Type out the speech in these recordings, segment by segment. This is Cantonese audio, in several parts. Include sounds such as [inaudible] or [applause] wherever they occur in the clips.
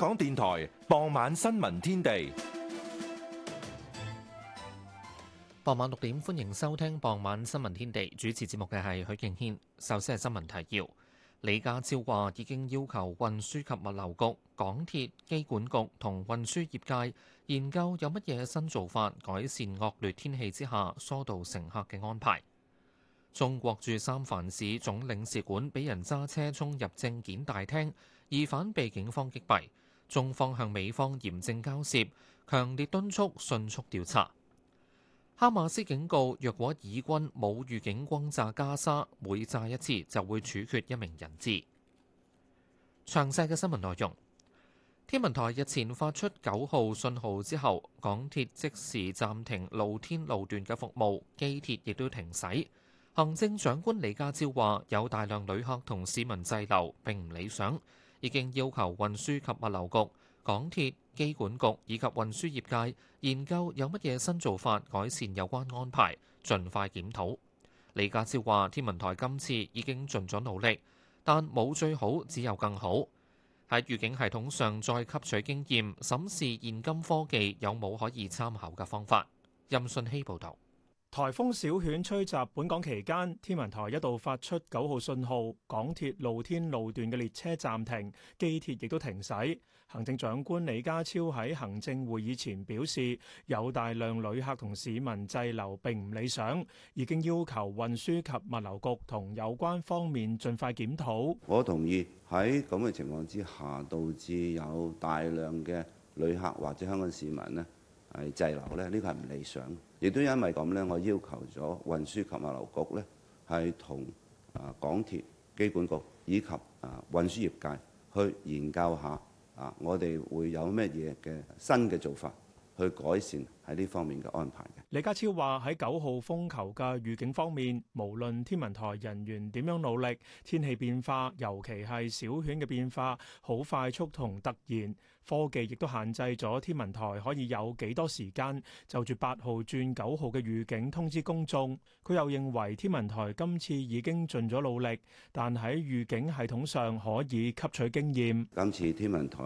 港電台傍晚新聞天地，傍晚六點，歡迎收聽傍晚新聞天地。主持節目嘅係許敬軒，首先係新聞提要。李家超話已經要求運輸及物流局、港鐵、機管局同運輸業界研究有乜嘢新做法，改善惡劣天氣之下疏導乘客嘅安排。中國駐三藩市總領事館俾人揸車衝入證件大廳，疑犯被警方擊斃。中方向美方嚴正交涉，強烈敦促迅速調查。哈馬斯警告，若果以軍冇預警轟炸加沙，每炸一次就會處決一名人質。詳細嘅新聞內容，天文台日前發出九號信號之後，港鐵即時暫停露天路段嘅服務，機鐵亦都停駛。行政長官李家超話：有大量旅客同市民滯留，並唔理想。已經要求運輸及物流局、港鐵、機管局以及運輸業界研究有乜嘢新做法改善有關安排，盡快檢討。李家超話：天文台今次已經盡咗努力，但冇最好，只有更好。喺預警系統上再吸取經驗，審視現今科技有冇可以參考嘅方法。任信希報導。颱風小犬吹襲本港期間，天文台一度發出九號信號，港鐵露天路段嘅列車暫停，機鐵亦都停駛。行政長官李家超喺行政會議前表示，有大量旅客同市民滯留，並唔理想，已經要求運輸及物流局同有關方面盡快檢討。我同意喺咁嘅情況之下，導致有大量嘅旅客或者香港市民呢。係滯留咧，呢個係唔理想。亦都因為咁咧，我要求咗運輸及物流局咧，係同啊港鐵機管局以及啊運輸業界去研究下啊，我哋會有咩嘢嘅新嘅做法。去改善喺呢方面嘅安排。李家超話喺九號風球嘅預警方面，無論天文台人員點樣努力，天氣變化尤其係小犬嘅變化好快速同突然，科技亦都限制咗天文台可以有幾多時間就住八號轉九號嘅預警通知公眾。佢又認為天文台今次已經盡咗努力，但喺預警系統上可以吸取經驗。今次天文台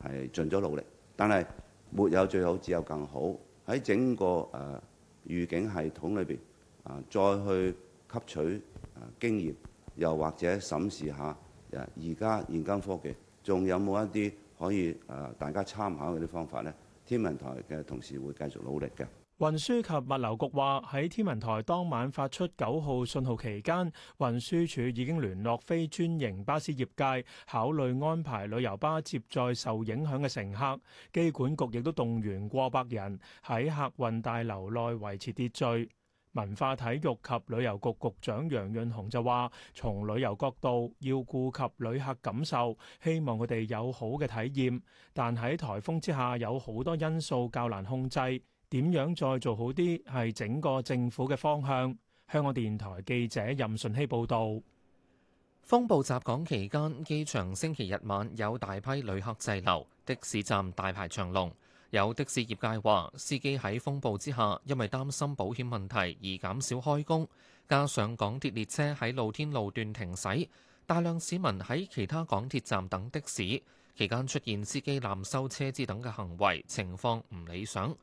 係盡咗努力，但係。沒有最好，只有更好。喺整個誒、呃、預警系統裏邊，啊、呃，再去吸取、呃、經驗，又或者審視下誒而家現今科技，仲有冇一啲可以誒、呃、大家參考嘅啲方法呢？天文台嘅同事會繼續努力嘅。運輸及物流局話喺天文台當晚發出九號信號期間，運輸署已經聯絡非專營巴士業界，考慮安排旅遊巴接載受影響嘅乘客。機管局亦都動員過百人喺客運大樓內維持秩序。文化體育及旅遊局局長楊潤雄就話，從旅遊角度要顧及旅客感受，希望佢哋有好嘅體驗。但喺台風之下，有好多因素較難控制。點樣再做好啲？係整個政府嘅方向。香港電台記者任順希報道：風暴襲港期間，機場星期日晚有大批旅客滯留，的士站大排長龍。有的士業界話，司機喺風暴之下，因為擔心保險問題而減少開工。加上港鐵列車喺露天路段停駛，大量市民喺其他港鐵站等的士，期間出現司機濫收車資等嘅行為，情況唔理想。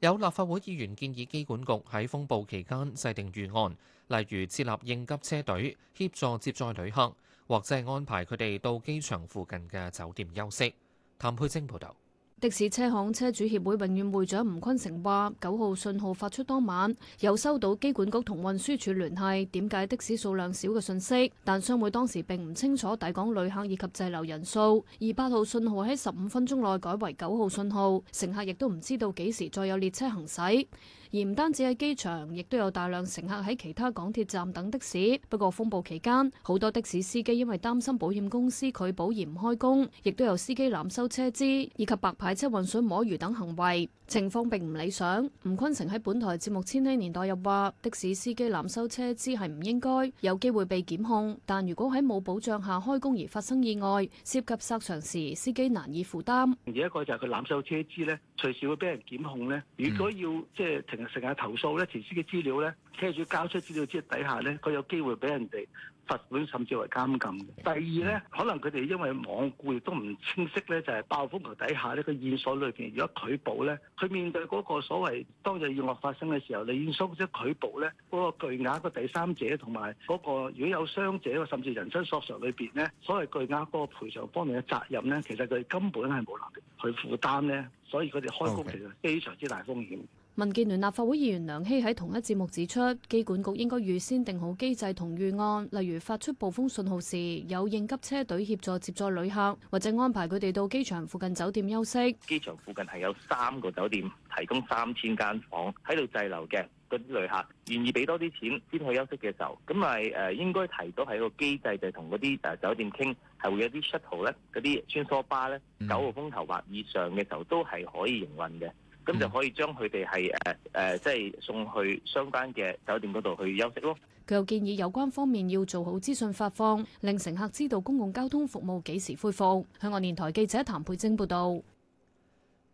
有立法會議員建議機管局喺風暴期間制定預案，例如設立應急車隊協助接載旅客，或者係安排佢哋到機場附近嘅酒店休息。譚佩晶報導。的士車行車主協會永遠會長吳坤成話，九號信號發出當晚，又收到機管局同運輸署聯繫，點解的士數量少嘅信息，但商會當時並唔清楚抵港旅客以及滯留人數。而八號信號喺十五分鐘內改為九號信號，乘客亦都唔知道幾時再有列車行駛。而唔單止喺機場，亦都有大量乘客喺其他港鐵站等的士。不過風暴期間，好多的士司機因為擔心保險公司拒保而唔開工，亦都有司機濫收車資以及白牌車運水摸魚等行為。情況並唔理想。吳坤成喺本台節目《千禧年代》入話，的士司機濫收車資係唔應該，有機會被檢控。但如果喺冇保障下開工而發生意外，涉及賠償時，司機難以負擔。而一個就係佢濫收車資咧，隨時會俾人檢控咧。如果要即係、即係、停日成日投訴咧，前司嘅資料咧，車主交出資料之底下咧，佢有機會俾人哋罰款甚至為監禁。第二咧，可能佢哋因為網固亦都唔清晰咧，就係、是、暴風球底下呢個線索裏邊，裏面如果拒捕咧，佢面對嗰個所謂當日意外發生嘅時候，你收即係拒捕咧嗰個巨額嘅第三者同埋嗰個，如果有傷者甚至人身索償裏邊咧，所謂巨額嗰個賠償方面嘅責任咧，其實佢根本係冇能力去負擔咧，所以佢哋開工其實非常之大風險。Okay. 民建聯立法會議員梁希喺同一節目指出，機管局應該預先定好機制同預案，例如發出暴風信號時，有應急車隊協助接載旅客，或者安排佢哋到機場附近酒店休息。機場附近係有三個酒店，提供三千間房喺度滯留嘅嗰啲旅客，願意俾多啲錢先去休息嘅時候，咁咪誒應該提到喺個機制就同嗰啲誒酒店傾，係會有啲 shuttle 呢，嗰啲穿梭巴咧，九號風球或以上嘅時候都係可以營運嘅。咁就可以將佢哋係誒誒，即係送去相關嘅酒店嗰度去休息咯。佢又建議有關方面要做好資訊發放，令乘客知道公共交通服務幾時恢復。香港電台記者譚佩晶報道。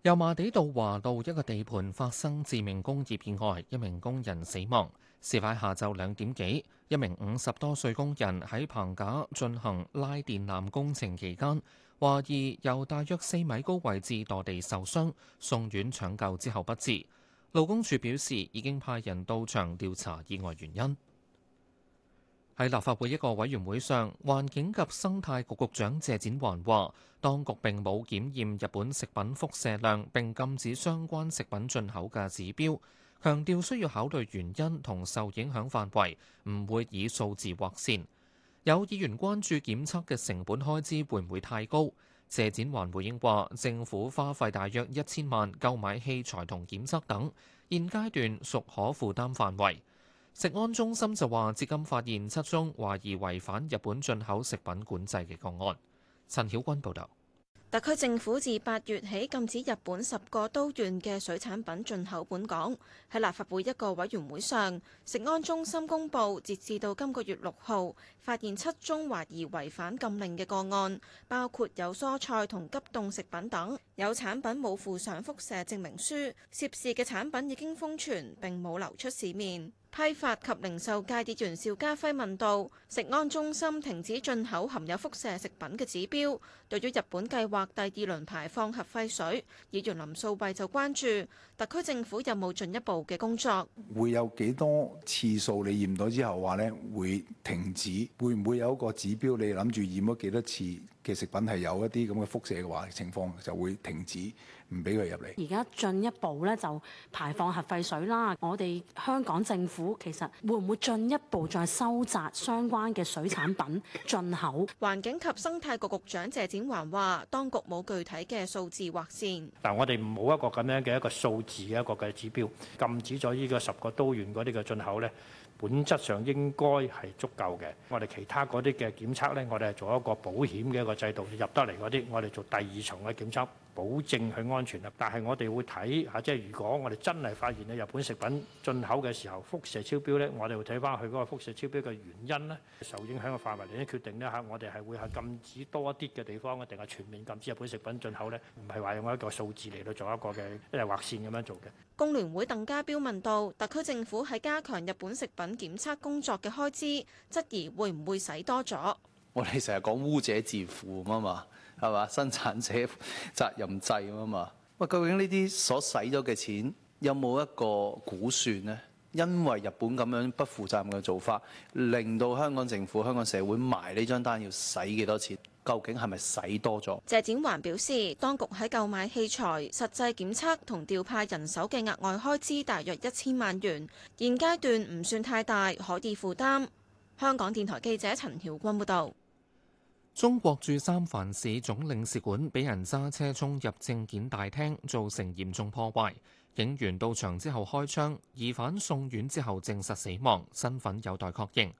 油麻地道華道一個地盤發生致命工業意外，一名工人死亡。事發下晝兩點幾，一名五十多歲工人喺棚架進行拉電纜工程期間。懷疑由大約四米高位置墮地受傷，送院搶救之後不治。勞工處表示已經派人到場調查意外原因。喺立法會一個委員會上，環境及生態局局長謝展寰話，當局並冇檢驗日本食品輻射量並禁止相關食品進口嘅指標，強調需要考慮原因同受影響範圍，唔會以數字劃線。有議員關注檢測嘅成本開支會唔會太高？謝展環回應話：政府花費大約一千萬購買器材同檢測等，現階段屬可負擔範圍。食安中心就話，至今發現七宗懷疑違反日本進口食品管制嘅個案。陳曉君報道。特區政府自八月起禁止日本十個都縣嘅水產品進口本港。喺立法會一個委員會上，食安中心公布，截至到今個月六號，發現七宗懷疑違反禁令嘅個案，包括有蔬菜同急凍食品等，有產品冇附上輻射證明書。涉事嘅產品已經封存，並冇流出市面。批發及零售界議員邵家輝問道：食安中心停止進口含有輻射食品嘅指標，對於日本計劃第二輪排放核廢水，議員林素慧就關注特區政府有冇進一步嘅工作？會有幾多次數你驗到之後話呢會停止？會唔會有一個指標你諗住驗咗幾多次？嘅食品係有一啲咁嘅輻射嘅話，情況就會停止，唔俾佢入嚟。而家進一步咧，就排放核廢水啦。我哋香港政府其實會唔會進一步再收窄相關嘅水產品進口？環 [laughs] 境及生態局局長謝展寰話當局冇具體嘅數字劃線。但我哋冇一個咁樣嘅一個數字一個嘅指標禁止咗呢個十個都縣嗰啲嘅進口咧。本質上應該係足夠嘅，我哋其他嗰啲嘅檢測呢，我哋係做一個保險嘅一個制度，入得嚟嗰啲，我哋做第二層嘅檢測。保證佢安全啦，但係我哋會睇吓，即係如果我哋真係發現咧日本食品進口嘅時候輻射超標咧，我哋會睇翻佢嗰個輻射超標嘅原因咧，受影響嘅範圍嚟咧決定呢，吓，我哋係會係禁止多一啲嘅地方，定係全面禁止日本食品進口咧？唔係話用一個數字嚟到做一個嘅劃線咁樣做嘅。工聯會鄧家彪問到，特區政府喺加強日本食品檢測工作嘅開支，質疑會唔會使多咗？我哋成日講污者自負啊嘛。係嘛？生產者責任制咁嘛。究竟呢啲所使咗嘅錢有冇一個估算呢？因為日本咁樣不負責任嘅做法，令到香港政府、香港社會埋呢張單要使幾多錢？究竟係咪使多咗？謝展環表示，當局喺購買器材、實際檢測同調派人手嘅額外開支大約一千萬元，現階段唔算太大，可以負擔。香港電台記者陳曉君報道。中國駐三藩市總領事館俾人揸車衝入證件大廳，造成嚴重破壞。警員到場之後開槍，疑犯送院之後證實死亡，身份有待確認。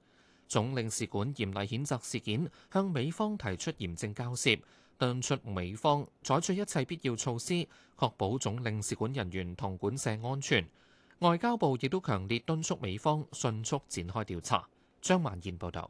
總領事館嚴厲譴責事件，向美方提出嚴正交涉，敦促美方採取一切必要措施，確保總領事館人員同館舍安全。外交部亦都強烈敦促美方迅速展開調查。張萬賢報道。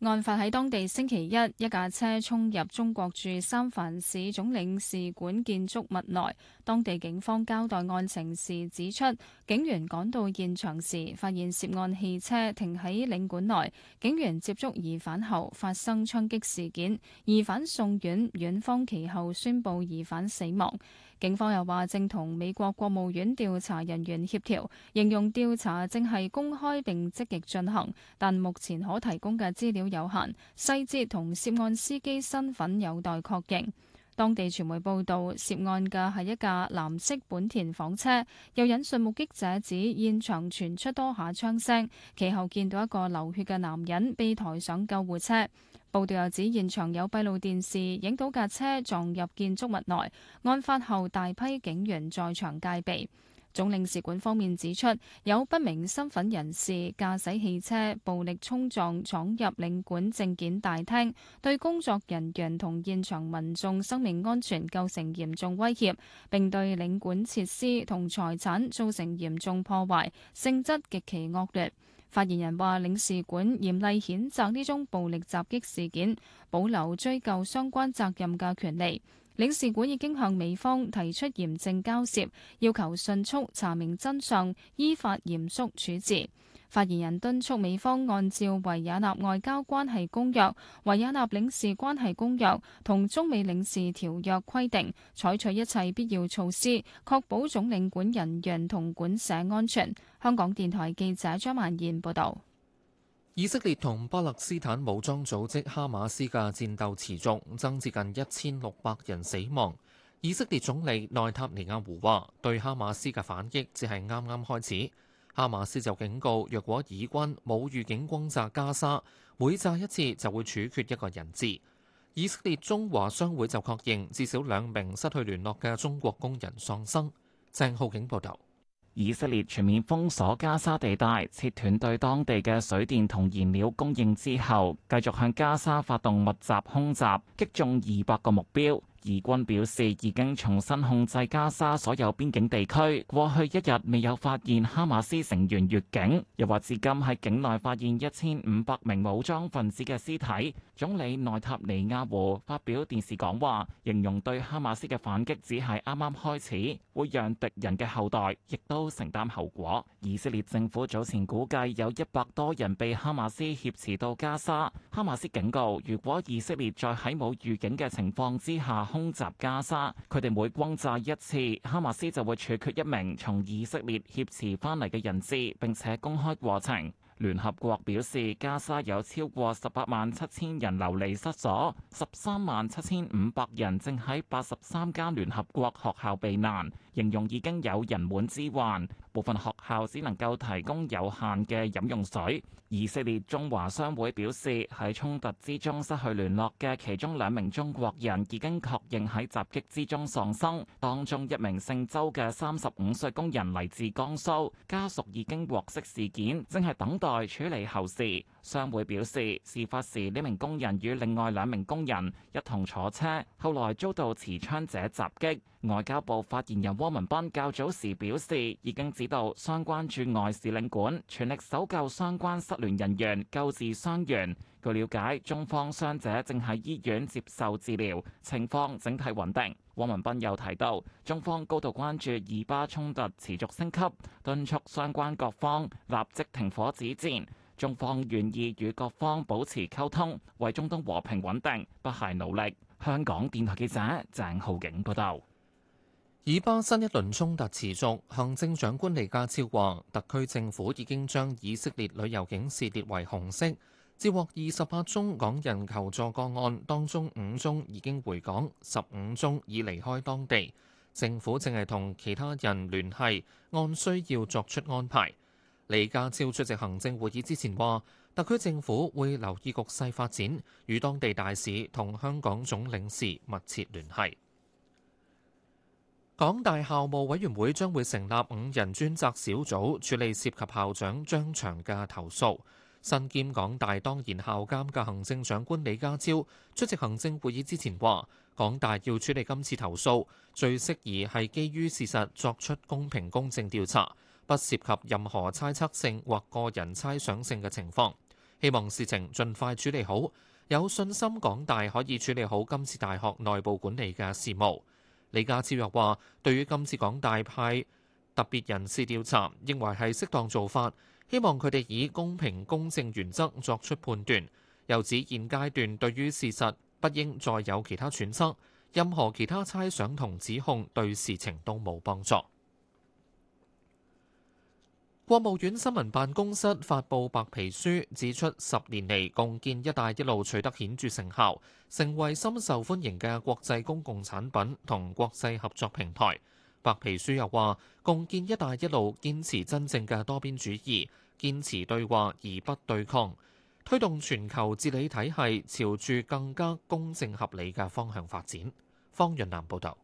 案發喺當地星期一，一架車衝入中國駐三藩市總領事館建築物內。當地警方交代案情時指出，警員趕到現場時，發現涉案汽車停喺領館內。警員接觸疑犯後，發生槍擊事件，疑犯送院，院方其後宣布疑犯死亡。警方又話正同美國國務院調查人員協調，形容調查正係公開並積極進行，但目前可提供嘅資料有限，細節同涉案司機身份有待確認。當地傳媒報道，涉案嘅係一架藍色本田房車，又引述目擊者指現場傳出多下槍聲，其後見到一個流血嘅男人被抬上救護車。報道又指現場有閉路電視影到架車撞入建築物內，案發後大批警員在場戒備。總領事館方面指出，有不明身份人士駕駛汽車暴力衝撞闖入領館證件大廳，對工作人員同現場民眾生命安全構成嚴重威脅，並對領館設施同財產造成嚴重破壞，性質極其惡劣。發言人話，領事館嚴厲譴責呢宗暴力襲擊事件，保留追究相關責任嘅權利。領事館已經向美方提出嚴正交涉，要求迅速查明真相，依法嚴肅處置。發言人敦促美方按照《維也納外交關係公約》、《維也納領事關係公約》同《中美領事條約》規定，採取一切必要措施，確保總領館人員同館舍安全。香港電台記者張曼燕報道。以色列同巴勒斯坦武裝組織哈馬斯嘅戰鬥持續，增至近一千六百人死亡。以色列總理內塔尼亞胡話，對哈馬斯嘅反擊只係啱啱開始。哈馬斯就警告，若果以軍冇預警轟炸加沙，每炸一次就會處決一個人質。以色列中華商會就確認，至少兩名失去聯絡嘅中國工人喪生。鄭浩景報導，以色列全面封鎖加沙地帶，切斷對當地嘅水電同燃料供應之後，繼續向加沙發動密集空襲，擊中二百個目標。以軍表示已經重新控制加沙所有邊境地區，過去一日未有發現哈馬斯成員越境，又話至今喺境內發現一千五百名武裝分子嘅屍體。總理內塔尼亞胡發表電視講話，形容對哈馬斯嘅反擊只係啱啱開始，會讓敵人嘅後代亦都承擔後果。以色列政府早前估計有一百多人被哈馬斯挾持到加沙。哈馬斯警告，如果以色列再喺冇預警嘅情況之下空襲加沙，佢哋每轟炸一次，哈馬斯就會處決一名從以色列挾持翻嚟嘅人質，並且公開過程。聯合國表示，加沙有超過十八萬七千人流離失所，十三萬七千五百人正喺八十三間聯合國學校避難，形容已經有人滿之患。部分學校只能夠提供有限嘅飲用水。以色列中華商會表示，喺衝突之中失去聯絡嘅其中兩名中國人已經確認喺襲擊之中喪生，當中一名姓周嘅三十五歲工人嚟自江蘇，家屬已經獲悉事件，正係等待處理後事。商會表示，事發時呢名工人與另外兩名工人一同坐車，後來遭到持槍者襲擊。外交部發言人汪文斌較早時表示，已經指導相關駐外使領館全力搜救相關失聯人員、救治傷員。據了解，中方傷者正喺醫院接受治療，情況整體穩定。汪文斌又提到，中方高度關注以巴衝突持續升級，敦促相關各方立即停火止戰。中方願意與各方保持溝通，為中東和平穩定不懈努力。香港電台記者鄭浩景報道。以巴新一輪衝突持續，行政長官李家超話，特區政府已經將以色列旅遊警示列為紅色，接獲二十八宗港人求助個案，當中五宗已經回港，十五宗已離開當地。政府正係同其他人聯繫，按需要作出安排。李家超出席行政會議之前話，特區政府會留意局勢發展，與當地大使同香港總領事密切聯繫。港大校務委員會將會成立五人專責小組處理涉及校長張翔嘅投訴。身兼港大當然校監嘅行政長官李家超出席行政會議之前話，港大要處理今次投訴，最適宜係基於事實作出公平公正調查，不涉及任何猜測性或個人猜想性嘅情況，希望事情盡快處理好，有信心港大可以處理好今次大學內部管理嘅事務。李家超又話，對於今次港大派特別人士調查，認為係適當做法，希望佢哋以公平公正原則作出判斷，又指現階段對於事實不應再有其他揣測，任何其他猜想同指控對事情都冇幫助。國務院新聞辦公室發布白皮書，指出十年嚟共建“一帶一路”取得顯著成效，成為深受歡迎嘅國際公共產品同國際合作平台。白皮書又話，共建“一帶一路”堅持真正嘅多邊主義，堅持對話而不對抗，推動全球治理體系朝住更加公正合理嘅方向發展。方潤南報導。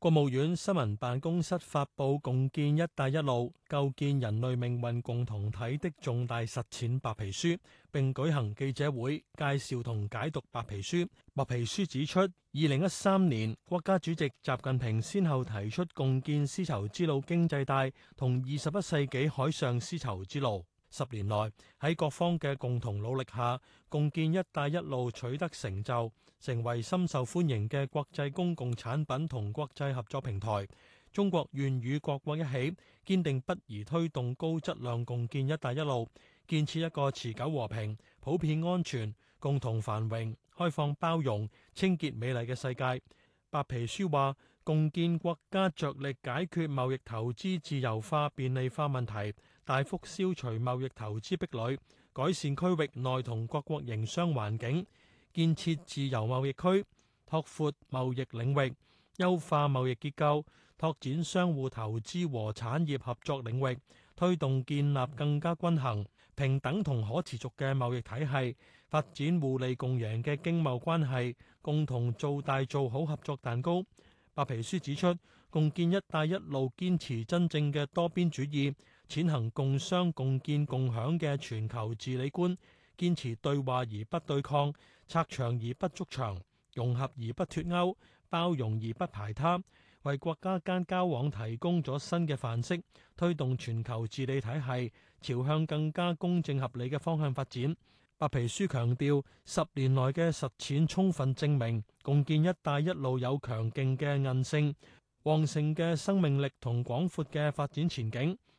國務院新聞辦公室發布《共建“一帶一路”構建人類命運共同體》的重大實踐白皮書，並舉行記者會介紹同解讀白皮書。白皮書指出，二零一三年，國家主席習近平先後提出共建絲綢之路經濟帶同二十一世紀海上絲綢之路。十年來喺各方嘅共同努力下，共建「一帶一路」取得成就，成為深受歡迎嘅國際公共產品同國際合作平台。中國願與各國一起，堅定不移推動高質量共建「一帶一路」，建設一個持久和平、普遍安全、共同繁榮、開放包容、清潔美麗嘅世界。白皮書話，共建國家着力解決貿易投資自由化、便利化問題。大幅消除貿易投資壁壘，改善區域內同各國營商環境，建設自由貿易區，拓闊貿易領域，優化貿易結構，拓展相互投資和產業合作領域，推動建立更加均衡、平等同可持續嘅貿易體系，發展互利共贏嘅經貿關係，共同做大做好合作蛋糕。白皮書指出，共建「一帶一路」堅持真正嘅多邊主義。踐行共商共建共享嘅全球治理觀，堅持對話而不對抗，拆牆而不築牆，融合而不脫鈎，包容而不排他，為國家間交往提供咗新嘅範式，推動全球治理體系朝向更加公正合理嘅方向發展。白皮書強調，十年來嘅實踐充分證明，共建“一帶一路”有強勁嘅韌性、旺盛嘅生命力同廣闊嘅發展前景。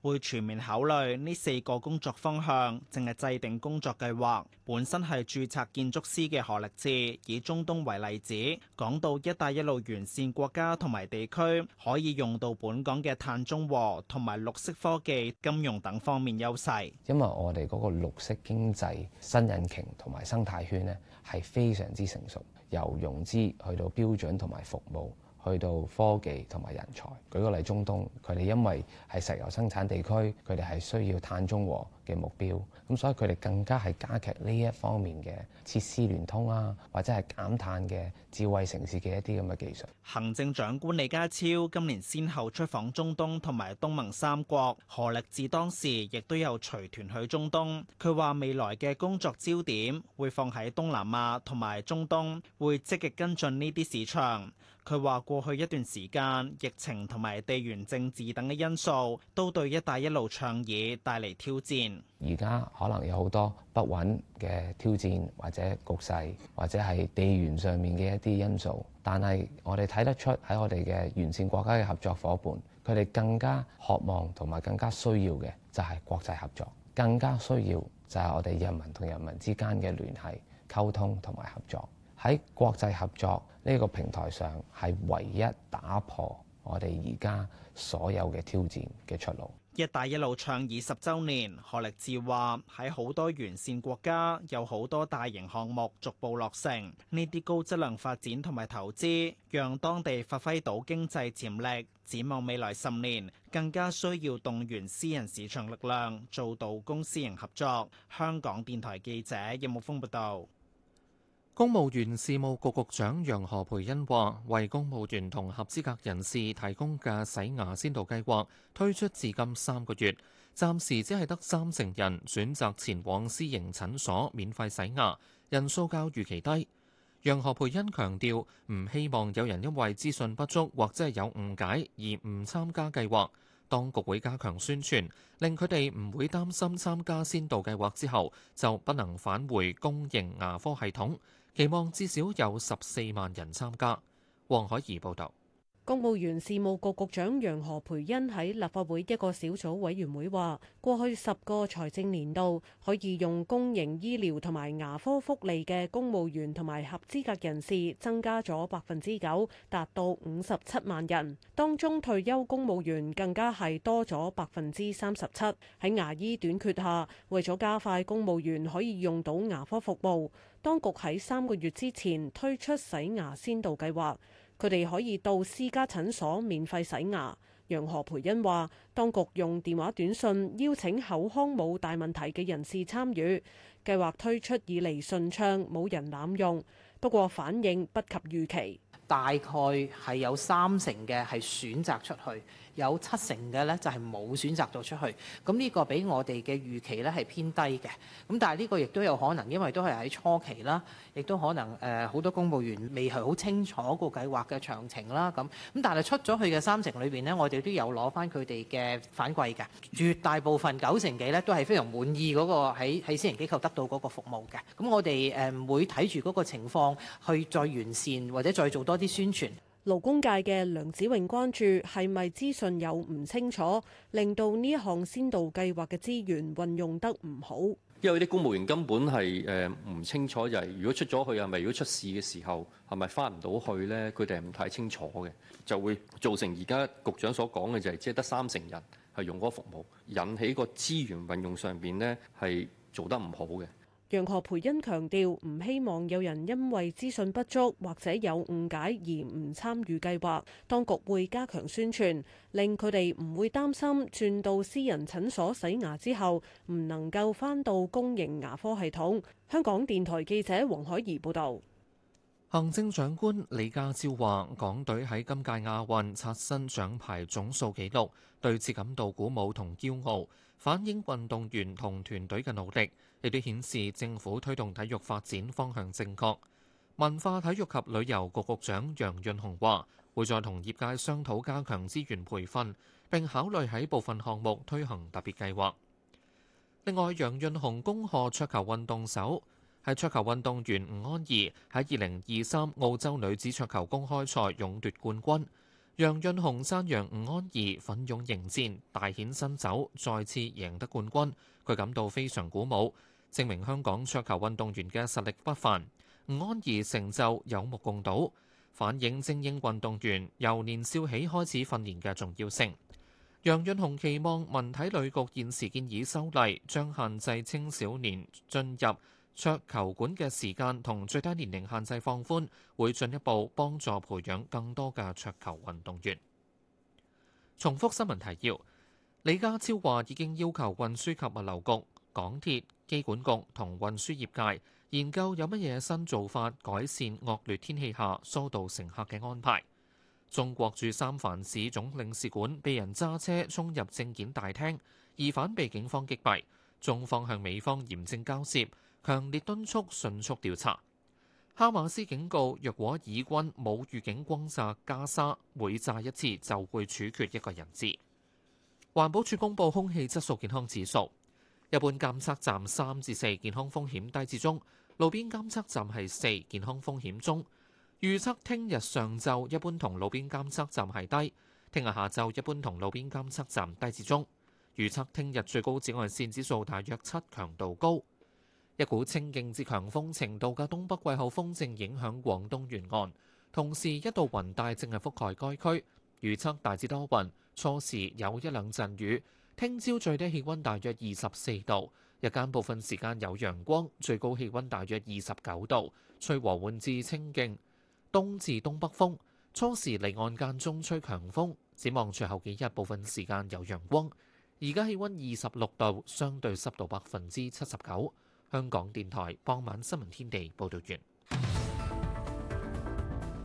會全面考慮呢四個工作方向，淨係制定工作計劃。本身係註冊建築師嘅何力志，以中東為例子，講到一帶一路沿線國家同埋地區可以用到本港嘅碳中和同埋綠色科技、金融等方面優勢。因為我哋嗰個綠色經濟新引擎同埋生態圈呢，係非常之成熟，由融資去到標準同埋服務。去到科技同埋人才，舉個例，中東，佢哋因為係石油生產地區，佢哋係需要碳中和嘅目標，咁所以佢哋更加係加劇呢一方面嘅設施聯通啊，或者係減碳嘅智慧城市嘅一啲咁嘅技術。行政長官李家超今年先後出訪中東同埋東盟三國，何力智當時亦都有隨團去中東，佢話未來嘅工作焦點會放喺東南亞同埋中東，會積極跟進呢啲市場。佢話：過去一段時間，疫情同埋地緣政治等嘅因素，都對一帶一路倡議帶嚟挑戰。而家可能有好多不穩嘅挑戰，或者局勢，或者係地緣上面嘅一啲因素。但係我哋睇得出喺我哋嘅完善國家嘅合作伙伴，佢哋更加渴望同埋更加需要嘅就係國際合作，更加需要就係我哋人民同人民之間嘅聯繫、溝通同埋合作。喺國際合作呢個平台上，係唯一打破我哋而家所有嘅挑戰嘅出路。「一帶一路」倡議十週年，何力智話：喺好多沿線國家，有好多大型項目逐步落成，呢啲高質量發展同埋投資，讓當地發揮到經濟潛力。展望未來十年，更加需要動員私人市場力量，做到公私營合作。香港電台記者葉慕峯報道。公務員事務局局長楊何培恩話：為公務員同合資格人士提供嘅洗牙先導計劃推出至今三個月，暫時只係得三成人選擇前往私營診所免費洗牙，人數較預期低。楊何培恩強調，唔希望有人因為資訊不足或者係有誤解而唔參加計劃。當局會加強宣傳，令佢哋唔會擔心參加先導計劃之後就不能返回公營牙科系統。期望至少有十四萬人參加。黃海怡報道。公務員事務局局長楊何培恩喺立法會一個小組委員會話，過去十個財政年度，可以用公營醫療同埋牙科福利嘅公務員同埋合資格人士增加咗百分之九，達到五十七萬人。當中退休公務員更加係多咗百分之三十七。喺牙醫短缺下，為咗加快公務員可以用到牙科服務，當局喺三個月之前推出洗牙先導計劃。佢哋可以到私家診所免費洗牙。楊何培恩話，當局用電話短信邀請口腔冇大問題嘅人士參與，計劃推出以嚟順暢，冇人濫用，不過反應不及預期。大概係有三成嘅係選擇出去。有七成嘅咧就係冇選擇到出去，咁呢個俾我哋嘅預期咧係偏低嘅。咁但係呢個亦都有可能，因為都係喺初期啦，亦都可能誒好多公務員未係好清楚個計劃嘅詳情啦。咁咁但係出咗去嘅三成裏邊咧，我哋都有攞翻佢哋嘅反饋嘅。絕大部分九成幾咧都係非常滿意嗰個喺喺私人機構得到嗰個服務嘅。咁我哋誒會睇住嗰個情況去再完善或者再做多啲宣傳。勞工界嘅梁子榮關注係咪資訊有唔清楚，令到呢一項先導計劃嘅資源運用得唔好？因為啲公務員根本係誒唔清楚就係、是，如果出咗去係咪，是是如果出事嘅時候係咪返唔到去咧，佢哋係唔太清楚嘅，就會造成而家局長所講嘅就係，即係得三成人係用嗰個服務，引起個資源運用上面咧係做得唔好嘅。楊學培因強調唔希望有人因為資訊不足或者有誤解而唔參與計劃，當局會加強宣傳，令佢哋唔會擔心轉到私人診所洗牙之後，唔能夠翻到公營牙科系統。香港電台記者黃海怡報道。行政長官李家超話港隊喺今屆亞運刷新獎牌總數紀錄，對此感到鼓舞同驕傲，反映運動員同團隊嘅努力。亦都顯示，政府推動體育發展方向正確。文化體育及旅遊局局長楊潤雄話，會再同業界商討加強資源培訓，並考慮喺部分項目推行特別計劃。另外，楊潤雄恭賀桌球運動手係桌球運動員吳安儀喺二零二三澳洲女子桌球公開賽勇奪冠軍。楊潤雄讚揚吳安儀奮勇迎戰，大顯身手，再次贏得冠軍。佢感到非常鼓舞。證明香港桌球運動員嘅實力不凡，吳安儀成就有目共睹，反映精英運動員由年少起開始訓練嘅重要性。楊潤雄期望文體旅局現時建議修例，將限制青少年進入桌球館嘅時間同最低年齡限制放寬，會進一步幫助培養更多嘅桌球運動員。重複新聞提要：李家超話已經要求運輸及物流局、港鐵。機管局同運輸業界研究有乜嘢新做法改善惡劣天氣下疏導乘客嘅安排。中國駐三藩市總領事館被人揸車衝入證件大廳，疑犯被警方擊斃。中方向美方嚴正交涉，強烈敦促迅速調查。哈馬斯警告，若果以軍冇預警轟炸加沙，每炸一次就會處決一個人質。環保署公布空氣質素健康指數。一般監測站，三至四，健康風險低至中，路邊監測站係四，健康風險中。預測聽日上晝一般同路邊監測站係低，聽日下晝一般同路邊監測站低至中。預測聽日最高紫外線指數大約七，強度高。一股清勁至強風程度嘅東北季候風正影響廣東沿岸，同時一度雲帶正係覆蓋該區。預測大致多雲，初時有一兩陣雨。聽朝最低氣溫大約二十四度，日間部分時間有陽光，最高氣溫大約二十九度，吹和緩至清勁，東至東北風，初時離岸間中吹強風，展望隨後幾日部分時間有陽光，而家氣溫二十六度，相對濕度百分之七十九。香港電台傍晚新聞天地報道完，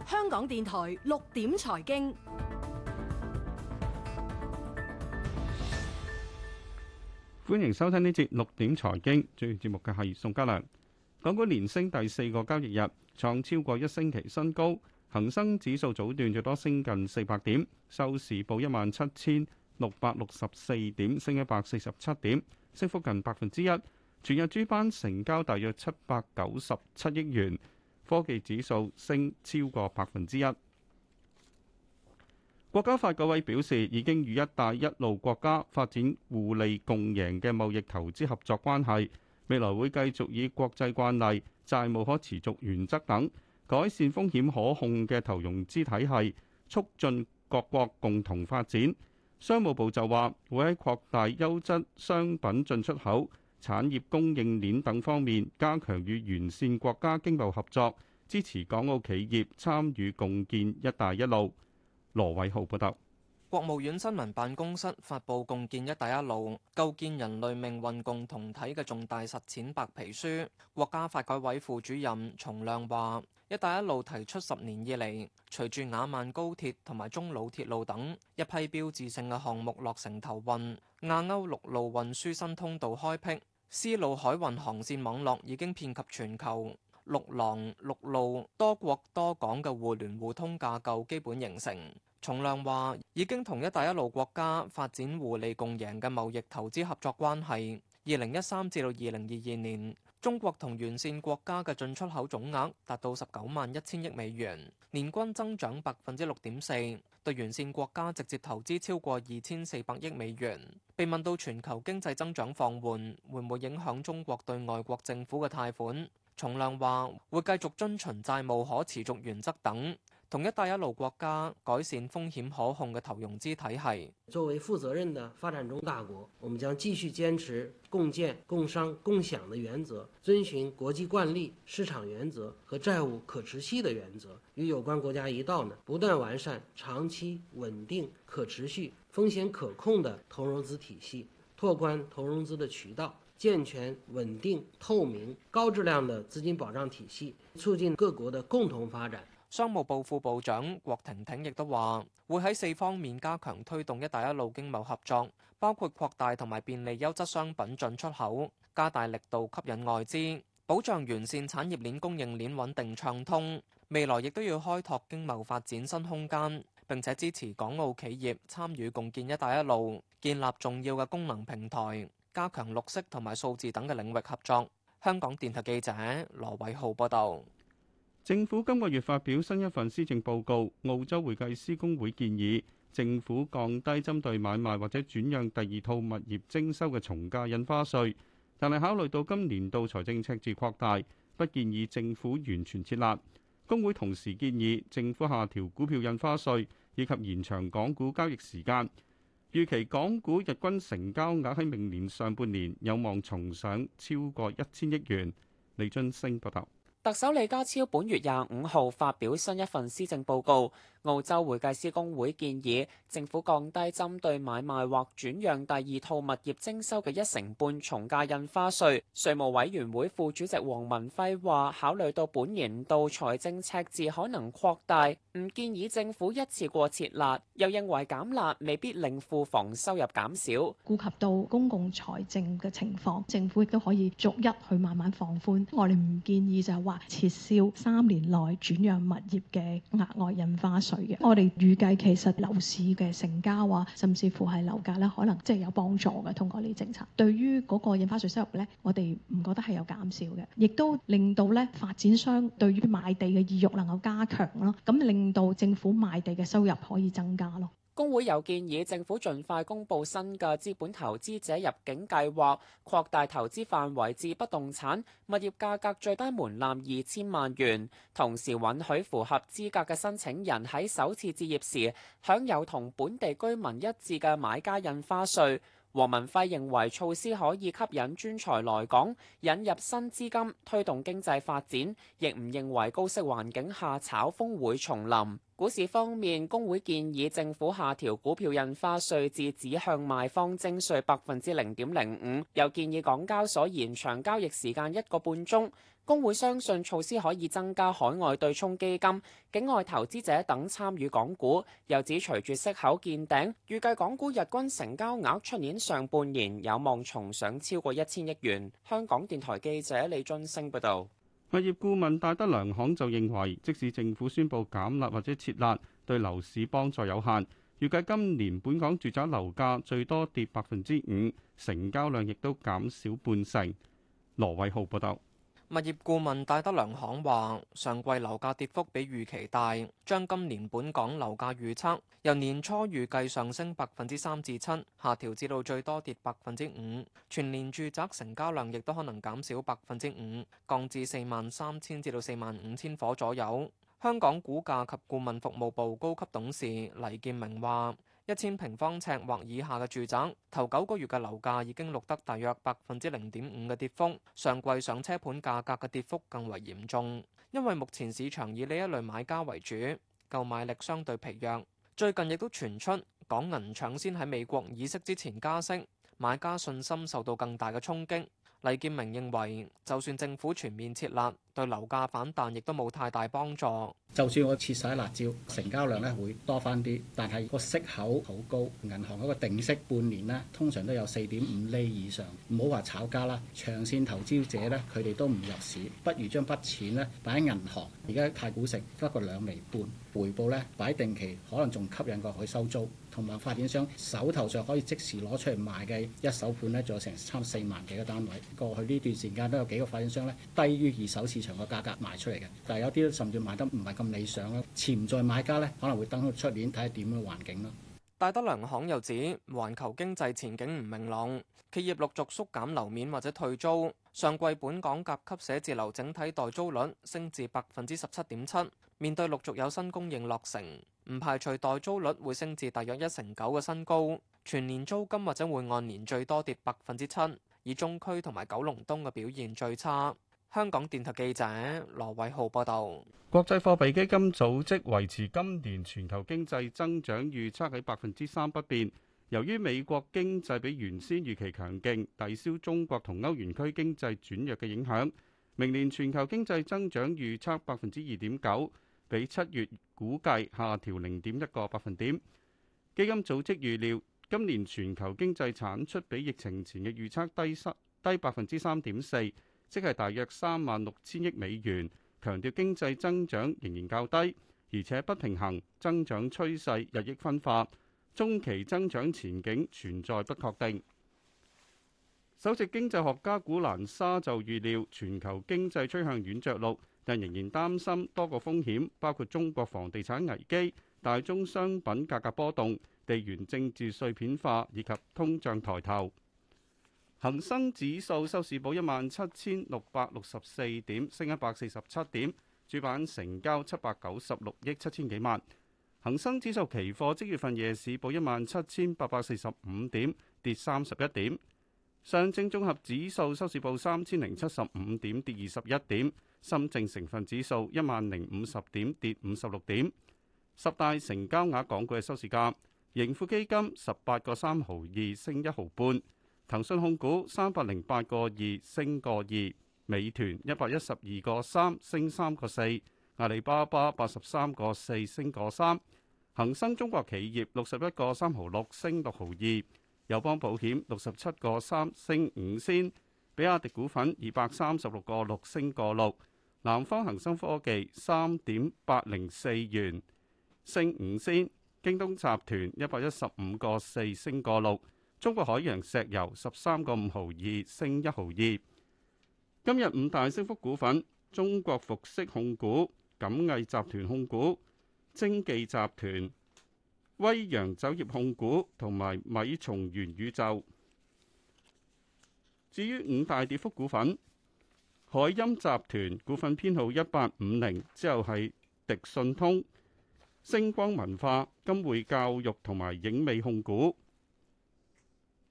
香港電台六點財經。歡迎收聽呢節六點財經。主持節目嘅係宋嘉良。港股連升第四個交易日，創超過一星期新高。恒生指數早段最多升近四百點，收市報一萬七千六百六十四點，升一百四十七點，升幅近百分之一。全日主板成交大約七百九十七億元，科技指數升超過百分之一。國家發改委表示，已經與“一帶一路”國家發展互利共贏嘅貿易投資合作關係，未來會繼續以國際慣例、債務可持續原則等改善風險可控嘅投融資體系，促進各國共同發展。商務部就話，會喺擴大優質商品進出口、產業供應鏈等方面加強與完善國家經貿合作，支持港澳企業參與共建“一帶一路”。羅偉浩報道，國務院新聞辦公室發佈《共建“一帶一路”構建人類命運共同體》嘅重大實踐白皮書。國家發改委副主任叢亮話，“一帶一路”提出十年以嚟，隨住雅萬高鐵同埋中老鐵路等一批標誌性嘅項目落成投運，亞歐陸路運輸新通道開闢，絲路海運航線網絡已經遍及全球，六廊六路多國多港嘅互聯互通架構基本形成。重亮話：已經同一帶一路國家發展互利共贏嘅貿易投資合作關係。二零一三至到二零二二年，中國同沿線國家嘅進出口總額達到十九萬一千億美元，年均增長百分之六點四。對沿線國家直接投資超過二千四百億美元。被問到全球經濟增長放緩會唔會影響中國對外國政府嘅貸款，重亮話會繼續遵循債務可持續原則等。同“一帶一路”國家改善風險可控的投融資體系。作為負責任的發展中大國，我們將繼續堅持共建、共商、共享的原則，遵循國際慣例、市場原則和債務可持續的原則，與有關國家一道呢，呢不斷完善長期、穩定、可持續、風險可控的投融資體系，拓寬投融資的渠道，健全穩定、透明、高質量的資金保障體系，促進各國的共同發展。商務部副部長郭婷婷亦都話會喺四方面加強推動「一帶一路」經貿合作，包括擴大同埋便利優質商品進出口，加大力度吸引外資，保障完善產業鏈供應鏈穩定暢通。未來亦都要開拓經貿發展新空間，並且支持港澳企業參與共建「一帶一路」，建立重要嘅功能平台，加強綠色同埋數字等嘅領域合作。香港電台記者羅偉浩報道。政府今個月發表新一份施政報告，澳洲會計師公會建議政府降低針對買賣或者轉讓第二套物業徵收嘅重價印花稅，但係考慮到今年度財政赤字擴大，不建議政府完全設立。公會同時建議政府下調股票印花稅以及延長港股交易時間，預期港股日均成交額喺明年上半年有望重上超過一千億元。李津升報道。特首李家超本月廿五號發表新一份施政報告。澳洲會計師工會建議政府降低針對買賣或轉讓第二套物業徵收嘅一成半重價印花稅。稅務委員會副主席黃文輝話，考慮到本年度財政赤字可能擴大，唔建議政府一次過撤辣，又認為減辣未必令庫房收入減少。顧及到公共財政嘅情況，政府亦都可以逐一去慢慢放寬。我哋唔建議就係話撤銷三年內轉讓物業嘅額外印花稅。我哋預計其實樓市嘅成交啊，甚至乎係樓價咧，可能即係有幫助嘅，通過呢啲政策。對於嗰個印花稅收入咧，我哋唔覺得係有減少嘅，亦都令到咧發展商對於買地嘅意欲能夠加強咯、啊，咁、嗯、令到政府賣地嘅收入可以增加咯。工會又建議政府盡快公布新嘅資本投資者入境計劃，擴大投資範圍至不動產，物業價格最低門檻二千萬元，同時允許符合資格嘅申請人喺首次置業時享有同本地居民一致嘅買家印花稅。黃文輝認為措施可以吸引專才來港，引入新資金，推動經濟發展，亦唔認為高息環境下炒風會重臨。股市方面，工會建議政府下調股票印花稅至只向賣方徵稅百分之零點零五，又建議港交所延長交易時間一個半鐘。工會相信措施可以增加海外對沖基金、境外投資者等參與港股，又指隨住息口見頂，預計港股日均成交額出年上半年有望重上超過一千億元。香港電台記者李俊升報道。物業顧問戴德梁行就認為，即使政府宣佈減辣或者撤辣，對樓市幫助有限。預計今年本港住宅樓價最多跌百分之五，成交量亦都減少半成。羅偉浩報道。物業顧問戴德梁行話，上季樓價跌幅比預期大，將今年本港樓價預測由年初預計上升百分之三至七，下調至到最多跌百分之五，全年住宅成交量亦都可能減少百分之五，降至四萬三千至到四萬五千伙左右。香港股價及顧問服務部高級董事黎建明話。一千平方尺或以下嘅住宅，頭 [noise] 九樂個月嘅樓價已經錄得大約百分之零點五嘅跌幅，上季上車盤價格嘅跌幅更為嚴重，因為目前市場以呢一類買家為主，購買力相對疲弱。最近亦都傳出港銀搶先喺美國議息之前加息，買家信心受到更大嘅衝擊。黎建明認為，就算政府全面設立，對樓價反彈亦都冇太大幫助。就算我切晒辣椒，成交量咧會多返啲，但係個息口好高，銀行嗰個定息半年咧通常都有四點五厘以上。唔好話炒家啦，長線投資者咧佢哋都唔入市，不如將筆錢咧擺喺銀行。而家太古城，不過兩厘半，回報咧擺定期可能仲吸引過去收租。同埋發展商手頭上可以即時攞出嚟賣嘅一手盤咧，仲有成差四萬幾個單位。過去呢段時間都有幾個發展商咧，低於二手市場嘅價格賣出嚟嘅。但係有啲甚至賣得唔係咁理想咯。潛在買家咧可能會等到出年睇下點嘅環境咯。戴德梁行又指，環球經濟前景唔明朗，企業陸續縮減樓面或者退租。上季本港甲級寫字樓整體代租率升至百分之十七點七，面對陸續有新供應落成。唔排除代租率會升至大約一成九嘅新高，全年租金或者會按年最多跌百分之七，以中區同埋九龍東嘅表現最差。香港電台記者羅偉浩報道。國際貨幣基金組織維持今年全球經濟增長預測喺百分之三不變，由於美國經濟比原先預期強勁，抵消中國同歐元區經濟轉弱嘅影響，明年全球經濟增長預測百分之二點九。比七月估計下調零點一個百分點。基金組織預料今年全球經濟產出比疫情前嘅預測低三低百分之三點四，即係大約三萬六千億美元。強調經濟增長仍然較低，而且不平衡，增長趨勢日益分化，中期增長前景存在不確定。首席經濟學家古蘭莎就預料全球經濟趨向軟着陸，但仍然擔心多個風險，包括中國房地產危機、大宗商品價格波動、地緣政治碎片化以及通脹抬頭。恒生指數收市報一萬七千六百六十四點，升一百四十七點，主板成交七百九十六億七千幾萬。恒生指數期貨即月份夜市報一萬七千八百四十五點，跌三十一點。上證綜合指數收市報三千零七十五點，跌二十一點；深證成分指數一萬零五十點，跌五十六點。十大成交額港股嘅收市價：盈富基金十八個三毫二，升一毫半；騰訊控股三百零八個二，升個二；美團一百一十二個三，升三個四；阿里巴巴八十三個四，升個三；恒生中國企業六十一個三毫六，升六毫二。友邦保險六十七個三升五仙，比亞迪股份二百三十六個六升個六，南方恒生科技三點八零四元升五仙，京東集團一百一十五個四升個六，中國海洋石油十三個五毫二升一毫二。今日五大升幅股份：中國服飾控股、錦藝集團控股、精技集團。威揚酒業控股同埋米松元宇宙。至於五大跌幅股份，海音集團股份編號一八五零，之後係迪信通、星光文化、金匯教育同埋影美控股。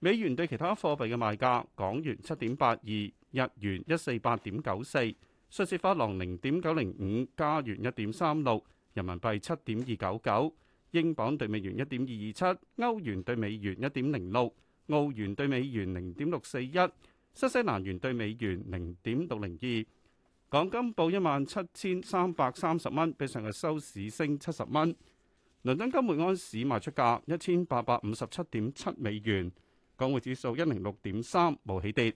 美元對其他貨幣嘅賣價：港元七點八二，日元一四八點九四，瑞士法郎零點九零五，加元一點三六，人民幣七點二九九。英鎊兌美元一點二二七，歐元兌美元一點零六，澳元兌美元零點六四一，新西蘭元兌美元零點六零二。港金報一萬七千三百三十蚊，比上日收市升七十蚊。倫敦金每盎司賣出價一千八百五十七點七美元，港匯指數一零六點三，冇起跌。